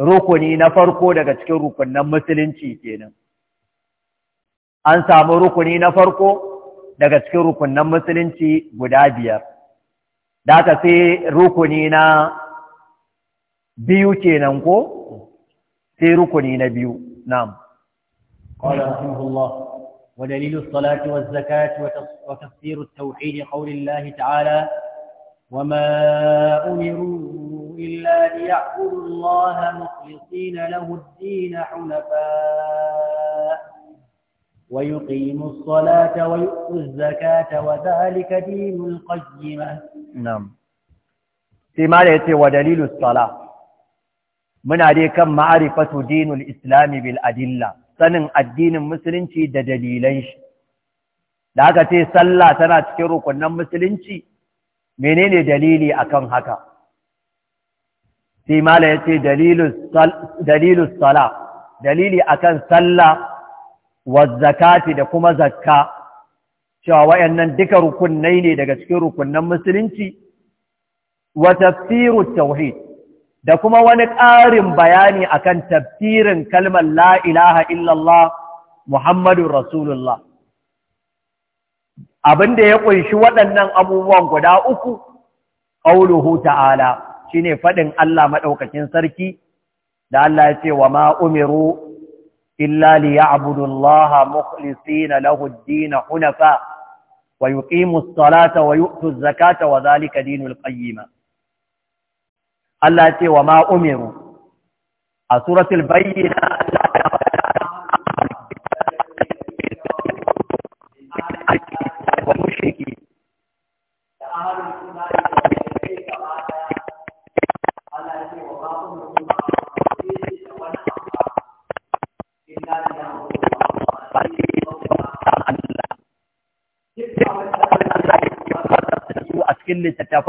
rukuni na farko daga cikin rukunan musulunci kenan an samu rukuni na farko daga cikin rukunan musulunci guda biyar da aka sai rukuni na biyu kenan ko sai rukuni na biyu na'am قال رحمه الله ودليل الصلاة والزكاة وتفسير التوحيد قول الله تعالى وما أمروا إلا ليعبدوا الله مخلصين له الدين حنفاء ويقيم الصلاة ويؤتوا الزكاة وذلك دين القيمة نعم في مالية ودليل الصلاة من عليك معرفة دين الإسلام بالأدلة sanin addinin musulunci da dalilan shi da aka ce sallah tana cikin rukunin musulunci menene dalili akan haka sai mala yace dalilus sala dalili akan sallah wazzakati da kuma zakka cewa wayannan duka rukunnai ne daga cikin rukunnan musulunci wa tafsiru tauhid da kuma wani ƙarin bayani akan tafsirin kalmar la ilaha illallah muhammadur rasulullah abinda ya ƙunshi waɗannan abubuwan guda uku qauluhu ta'ala shine faɗin Allah maɗaukacin sarki da Allah ya wa ma umiru إلا ليعبدوا الله مخلصين له الدين حنفاء ويقيموا الصلاة ويؤتوا الزكاة وذلك دين القيمة الله يقول وما أمروا سورة البينة الله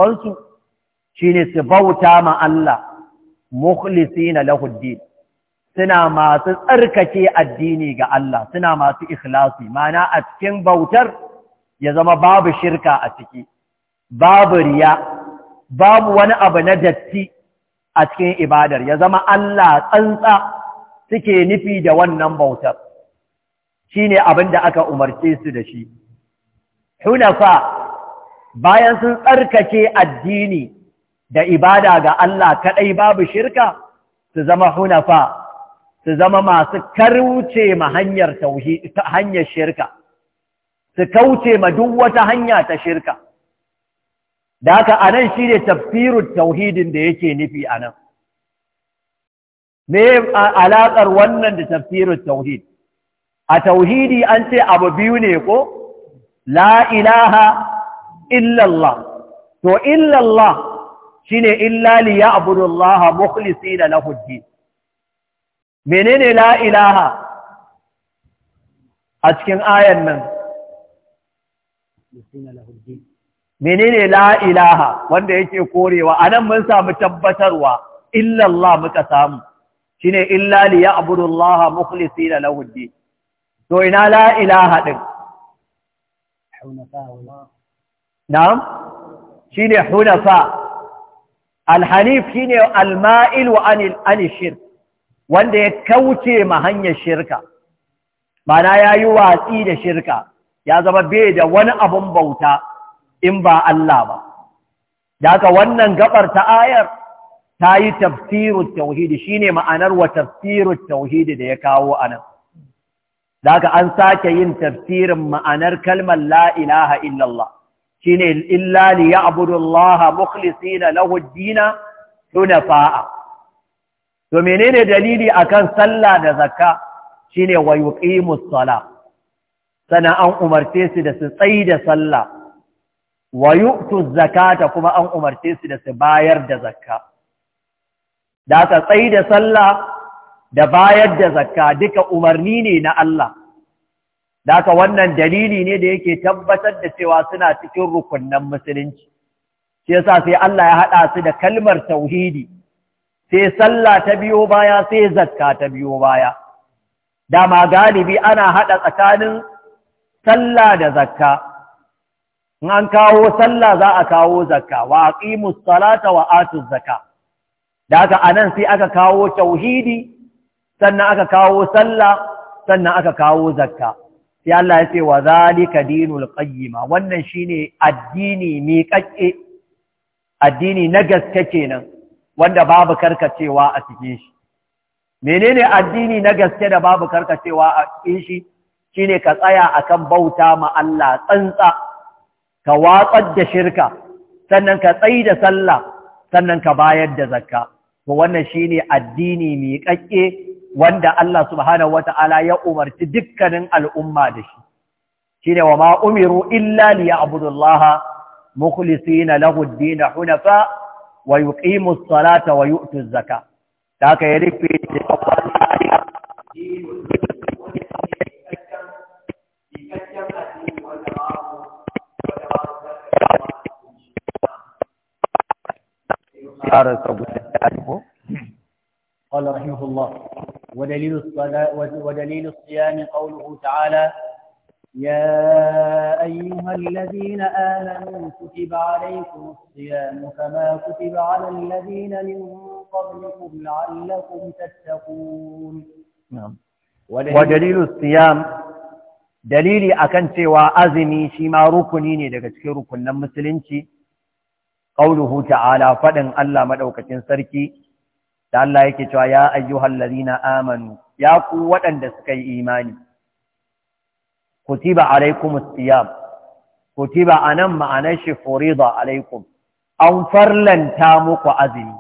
roƙonsu shine su bauta ma Allah mukhlisina na lahuddi suna masu tsarkake addini ga Allah suna masu ikhlasi mana a cikin bautar ya zama babu shirka a ciki babu riya babu wani abu na datti a cikin ibadar ya zama Allah tsantsa suke nufi da wannan bautar shine abin da aka umarce su da shi hunafa bayan sun tsarkake addini da ibada ga Allah kaɗai babu shirka su zama hunafa su zama masu karuce ma hanyar shirka su kauce ma duk wata hanya ta shirka da haka anan shi ne tafsirun tauhidin da yake nufi anan me alaƙar wannan da tafsirun tauhid a tauhidi an ce abu biyu ne ko la ilaha illallah to illallah shine illa li ya'budullaha mukhlisina lahu ad-din menene la ilaha a cikin ayan nan menene la ilaha wanda yake korewa anan mun samu tabbatarwa illallah muka samu shine illa li Allah mukhlisina lahu ad-din to ina la ilaha din na'am shine hunafa alhanif shine alma'il wa anil anishir wanda ya kauce ma hanyar shirka mana yayi watsi da shirka ya zama bai da wani abun bauta in ba Allah ba daga wannan gabar ta ayar ta yi tafsirut tauhidi shine ma'anar wa tafsirut tauhidi da ya kawo anan daga an sake yin tafsirin ma'anar kalmar la ilaha illallah shine illa li ya'budu Allah mukhlisina lahu ad-dina hunafa'a to menene dalili akan sallah da zakka shine wa yuqimus sala sana an umarce su da su tsayi da sallah wa yu'tu zakata kuma an umarce su da su bayar da zakka da ka tsayi da sallah da bayar da zakka duka umarni ne na Allah Daka wannan dalili ne da yake tabbatar da cewa suna cikin rukunnan musulunci. Shi yasa sai Allah ya haɗa su da kalmar tauhidi, sai sallah ta biyo baya, sai zakka ta biyo baya. Dama galibi ana haɗa tsakanin sallah da zakka. In an kawo sallah za a kawo zakka, wa aqimus salata wa atuz zakka. Daka anan sai aka kawo tauhidi, sannan aka kawo sallah, sannan aka kawo zakka. sai Allah ya ce wa zalika dinul qayyima wannan shine addini mi kakke addini na gaske kenan wanda babu karkacewa a cikin shi menene addini na gaske da babu karkacewa a cikin shi shine ka tsaya akan bauta ma Allah tsantsa ka watsar da shirka sannan ka tsayi da sallah sannan ka bayar da zakka to wannan shine addini mi kakke wanda Allah subhanahu wata'ala ya umarci dukkanin al'umma da shi shi shine wa ma umiru illa liya'budullaha mukhlisina lahu ad-din hunafa wa yuqimu as-salata wa yu'tu az-zaka haka ya rufe da قال رحمه الله ودليل الصلاة ودليل الصيام قوله تعالى يا أيها الذين آمنوا كتب عليكم الصيام كما كتب على الذين من قبلكم لعلكم تتقون نعم ودليل, ودليل الصيام dalili akan cewa azumi shi ma rukuni ne daga cikin rukunan musulunci qauluhu ta'ala fadin Allah madaukakin sarki da Allah yake cewa ya ayyuhal ladina amanu ya ku waɗanda suka yi imani kutiba alaikumus siyam kutiba anan ma'anar shi furida alaikum an farlanta muku azumi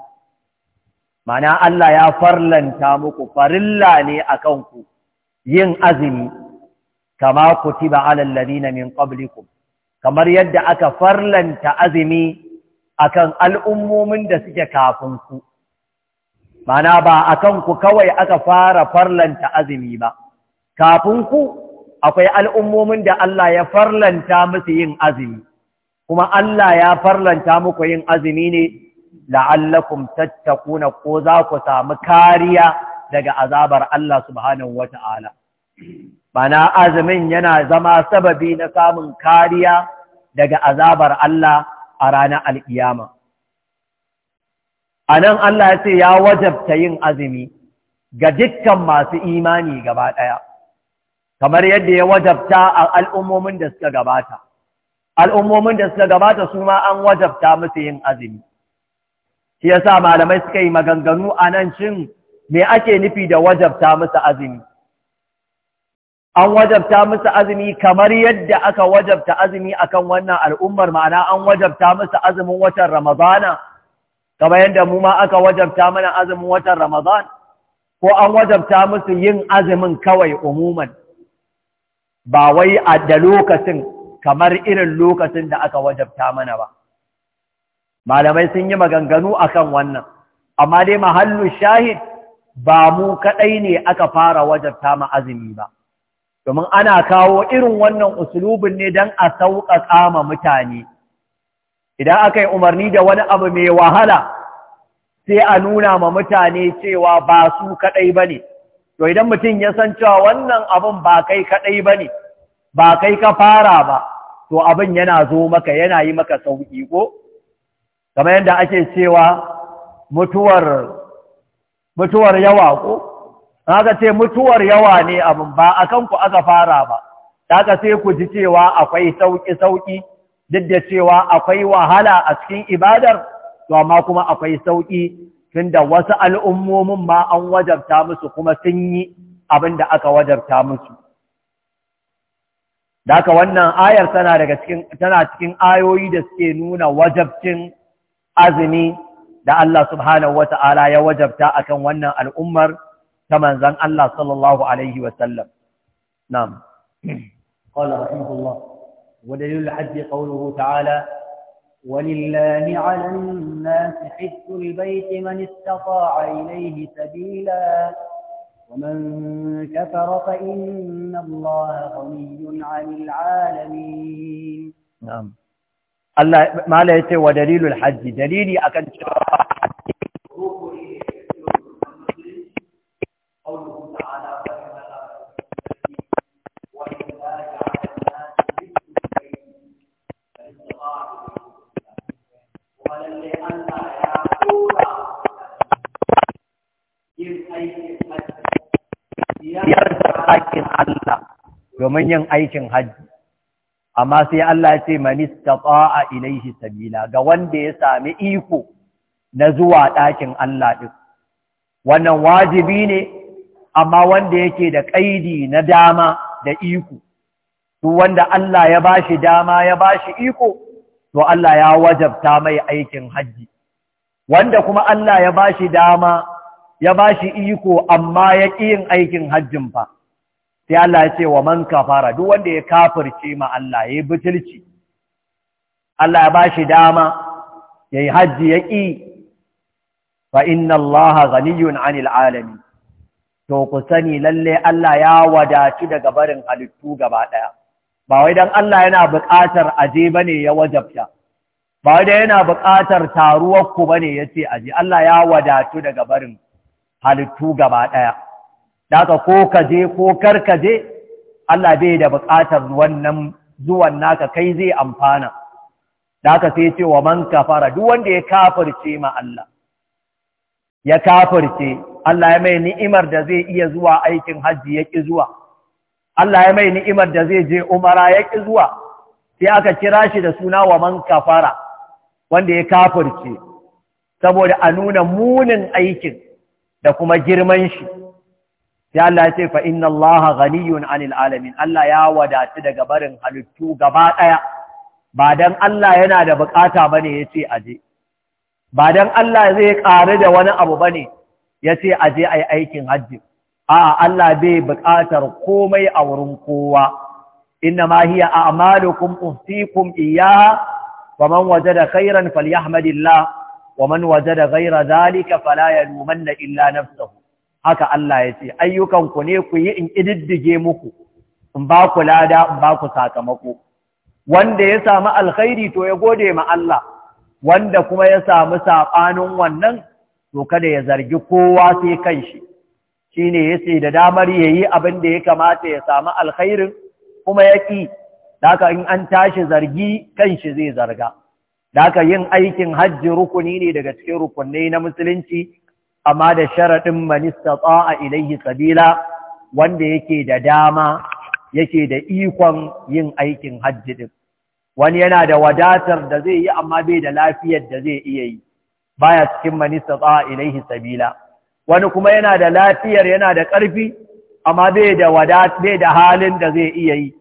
ma'ana Allah ya farlanta muku farilla ne akan ku yin azumi kama kutiba alal ladina min qablikum kamar yadda aka farlanta azumi akan al'ummomin da suke kafin ku mana ba a kanku kawai aka fara farlanta azumi ba kafin ku akwai al'ummomin da Allah ya farlanta musu yin azumi kuma Allah ya farlanta muku yin azumi ne la'allakum tattakuna ko za ku samu kariya daga azabar Allah subhanahu wata'ala bana azumin yana zama sababi na samun kariya daga azabar Allah a ranar al'iyama a nan Allah ya ce ya wajabta yin azumi ga dukkan masu imani gaba ɗaya, kamar yadda ya wajabta a al'ummomin da suka gabata. Al'ummomin da suka gabata su ma an wajabta musu yin azumi. Shi ya sa malamai suka yi maganganu a nan shin me ake nufi da wajabta musu azumi. An wajabta musu azumi kamar yadda aka wajabta azumi akan wannan al'ummar ma'ana an wajabta musu azumin watan Ramadana. kama yadda mu ma aka wajabta mana azumin watan Ramadan ko an wajabta musu yin azumin kawai umuman ba wai a da lokacin kamar irin lokacin da aka wajabta mana ba malamai sun yi maganganu akan wannan amma dai mahallu shahid ba mu kadai ne aka fara wajabta ma azumi ba domin ana kawo irin wannan usulubin ne dan a sauƙaƙa ma mutane idan aka yi umarni da wani abu mai wahala sai a nuna ma mutane cewa ba su kaɗai ba ne to idan mutum ya san cewa wannan abin ba kai kaɗai ba ne ba kai ka fara ba to abin yana zo maka yana yi maka sauƙi ko kamar yadda ake cewa mutuwar mutuwar yawa ko haka ce mutuwar yawa ne abin ba a kanku aka fara ba haka sai ku ji cewa akwai sauƙi-sauƙi duk da cewa akwai wahala a cikin ibadar to amma kuma akwai sauƙi tunda wasu al'ummomin ma an wajabta musu kuma sun yi abin da aka wajabta musu Daka wannan ayar tana daga cikin tana cikin ayoyi da suke nuna wajabcin azumi da Allah subhanahu wata'ala ya wajabta akan wannan al'ummar ta manzon Allah sallallahu alaihi wa sallam. Na'am. Qala ودليل الحج قوله تعالى ولله على الناس حج البيت من استطاع إليه سبيلا ومن كفر فإن الله غني عن العالمين نعم الله ما لا wa dalilul الحج دليلي Allah aikin Allah domin yin aikin hajji amma sai Allah ya ce manistata'a ilaihi sabila ga wanda ya sami iko na zuwa ɗakin Allah ɗin wannan wajibi ne amma wanda yake da ƙaidi na dama da iko su wanda Allah ya bashi dama ya ba shi iko to Allah ya wajabta mai aikin hajji wanda kuma Allah ya bashi dama ya bashi iko amma ya yin aikin hajjin fa sai Allah ya ce wa man kafara duk wanda ya kafirce ma Allah ya yi butulci Allah ya bashi dama ya yi hajji ya ƙi fa inna Allah ghaniyun 'anil 'alamin to ku sani lalle Allah ya wadaci daga barin halittu gaba ɗaya ba wai dan Allah yana buƙatar aje bane ya wajabta ba wai don yana buƙatar taruwar ku bane yace aje Allah ya wadatu daga barin halittu gaba ɗaya daga ko kaje, ko kar kaje. je Allah bai da buƙatar wannan zuwan naka kai zai amfana daga sai ce wa man kafara duk wanda ya kafirce ma Allah ya kafirce Allah ya mai ni'imar da zai iya zuwa aikin hajji ya ƙi zuwa Allah ya mai ni'imar da zai je umara ya ƙi zuwa sai aka kira shi da suna wa man kafara wanda ya kafurce saboda a nuna munin aikin da kuma girman shi sai Allah ya ce fa inna Allah ghaniyun anil alamin Allah ya wadatu daga barin halittu gaba ɗaya ba dan Allah yana da bukata bane yace aje ba dan Allah zai ƙari da wani abu bane yace aje yi aikin hajji a Allah bai buƙatar komai a wurin kowa inna ma hiya a'malukum uhsikum iya wa man wajada khairan falyahmadillah wa man wajada ghayra zalika fala yalumanna illa nafsuhu haka Allah ya ce ayyukan ku ne ku yi in ididdige muku in ba ku lada in ba ku sakamako wanda ya samu alkhairi to ya gode ma Allah wanda kuma ya samu saɓanin wannan to kada ya zargi kowa sai kanshi Shi shine yace da damar ya yi abin da ya kamata ya samu alkhairin kuma ƙi daga in an tashi zargi kan shi zai zarga daga yin aikin hajji rukuni ne daga cikin rukunai na musulunci amma da sharaɗin manistata a ilaihi sabila wanda yake da dama yake da ikon yin aikin hajji ɗin wani yana da wadatar da zai yi amma bai da lafiyar da zai iya yi baya cikin manistata a ilaihi sabila wani kuma yana da lafiyar yana da ƙarfi amma bai da wada bai da halin da zai iya yi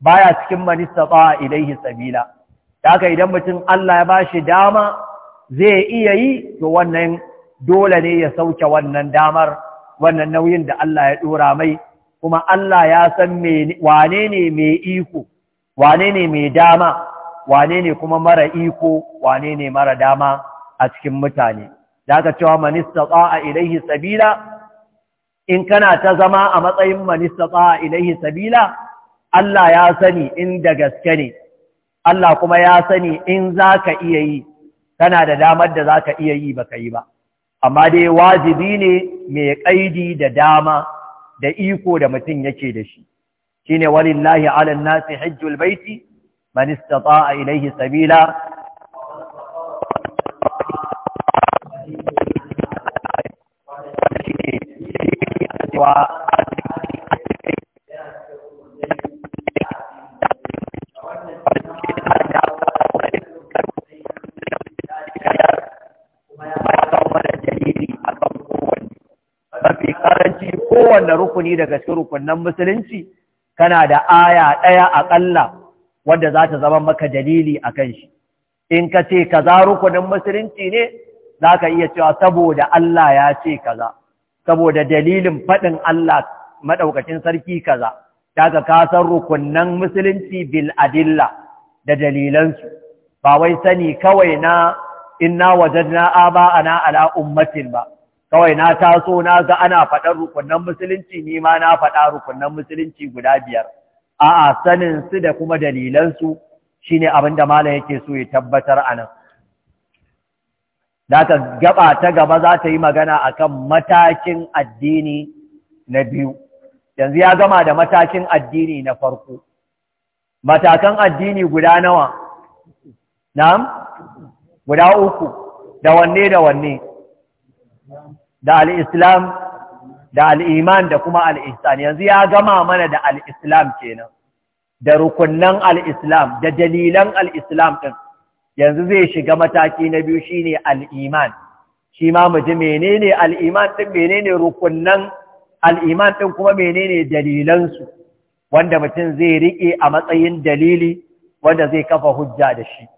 baya cikin manista ba ilaihi sabila haka idan mutum Allah ya bashi dama zai iya yi to wannan dole ne ya sauke wannan damar wannan nauyin da Allah ya ɗora mai kuma Allah ya san wane ne mai iko wane ne mai dama wane ne kuma mara iko wane ne mara dama a cikin mutane da aka cewa manista tsa'a ilaihi sabila in kana ta zama a matsayin manista tsa'a ilaihi sabila Allah ya sani in da gaske ne Allah kuma ya sani in za ka iya yi kana da damar da za ka iya yi ba ka yi ba amma dai wajibi ne mai ƙaidi da dama da iko da mutum yake da shi shine walillahi ala nasi hajjul baiti man istata'a ilaihi sabila cewa kowane rukuni daga cikin rukunan musulunci kana da aya ɗaya aƙalla wadda za ta zama maka dalili a kan shi in ka ce kaza rukunin musulunci ne za ka iya cewa saboda Allah ya ce kaza saboda dalilin faɗin Allah maɗaukacin sarki kaza daga kasar rukunan musulunci bil adilla da dalilansu ba wai sani kawai na inna na aba ana ala ba kawai na taso na ga ana faɗar rukunan musulunci ni ma na faɗa rukunan musulunci guda biyar a'a sanin su da kuma dalilansu shine abin da malam yake so ya tabbatar anan Zaka gaba ta gaba za ta yi magana a kan matakin addini na biyu. Yanzu ya gama da matakin addini na farko. Matakan addini guda nawa? Na'am? Guda uku, da wanne da wanne? Da al'islam, da al'iman da kuma al'islam Yanzu ya gama mana da al'islam kenan, da rukunnan al'islam, da dalilan al'islam ɗin. yanzu zai shiga mataki na biyu shine ne al’iman shi ma mu ji ne al'iman ɗin, mene ne rukunnan al'iman ɗin, kuma mene ne dalilansu wanda mutum zai riƙe a matsayin dalili wanda zai kafa hujja da shi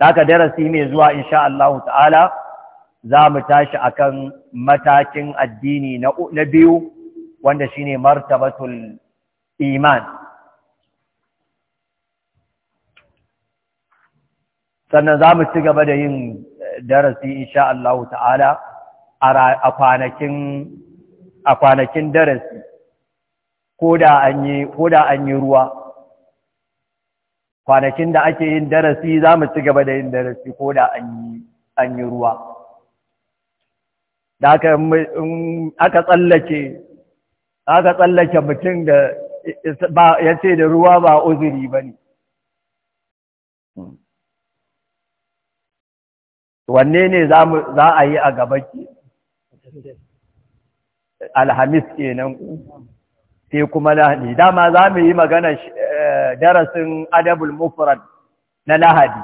haka darasi mai zuwa insha Allah ta'ala za mu tashi akan matakin addini na biyu wanda shi ne martabatul iman sannan za mu ci gaba da yin eh, darasi insha Allah ta'ala a kwanakin darasi ko da an yi ruwa kwanakin da ake yin darasi za mu ci gaba da yin darasi ko da an yi ruwa da aka tsallake aka tsallake mutum da eh, ya ce da ruwa ba uzuri ba ne hmm. wanne ne za a yi a gaba ke alhamis kenan sai kuma lahadi dama za mu yi magana eh, darasin adabul mufrad na lahadi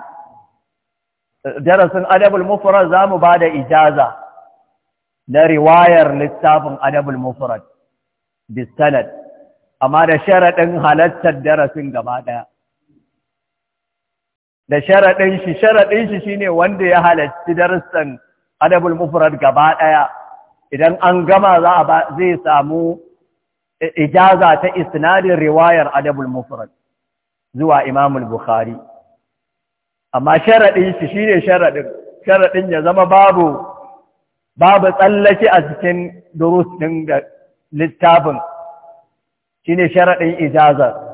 darasin adabul mufrad za mu ba da ijaza na riwayar littafin adabul mufrad bisanad amma da sharaɗin halattar darasin gaba ɗaya da sharaɗin shi sharaɗin shi shine wanda ya halarci darussan adabul mufrad gaba ɗaya idan an gama za a zai samu ijaza ta isnadin riwayar adabul mufrad zuwa imamul bukhari amma sharaɗin shi shine sharaɗin sharaɗin ya zama babu babu tsallake a cikin durus ɗin da littafin shine sharaɗin ijazar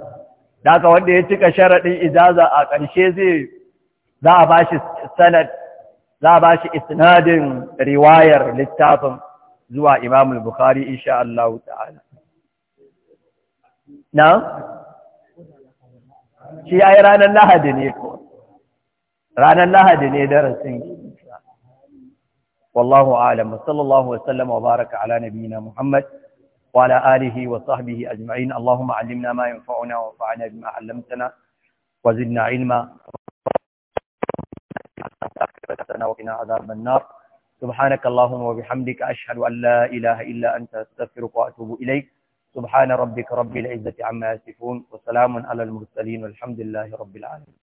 da wanda ya cika sharadin ijaza a ƙarshe zai za a bashi sanad za a bashi isnadin riwayar littafin zuwa imam al bukhari insha Allah ta'ala na shi ai ranar lahadi ne ko ranar lahadi ne darasin wallahu a'lam sallallahu wa sallama wa baraka ala nabiyyina muhammad وعلى آله وصحبه أجمعين اللهم علمنا ما ينفعنا وانفعنا بما علمتنا وزدنا علما وقنا عذاب النار سبحانك اللهم وبحمدك أشهد أن لا إله إلا أنت أستغفرك وأتوب إليك سبحان ربك رب العزة عما يصفون وسلام على المرسلين والحمد لله رب العالمين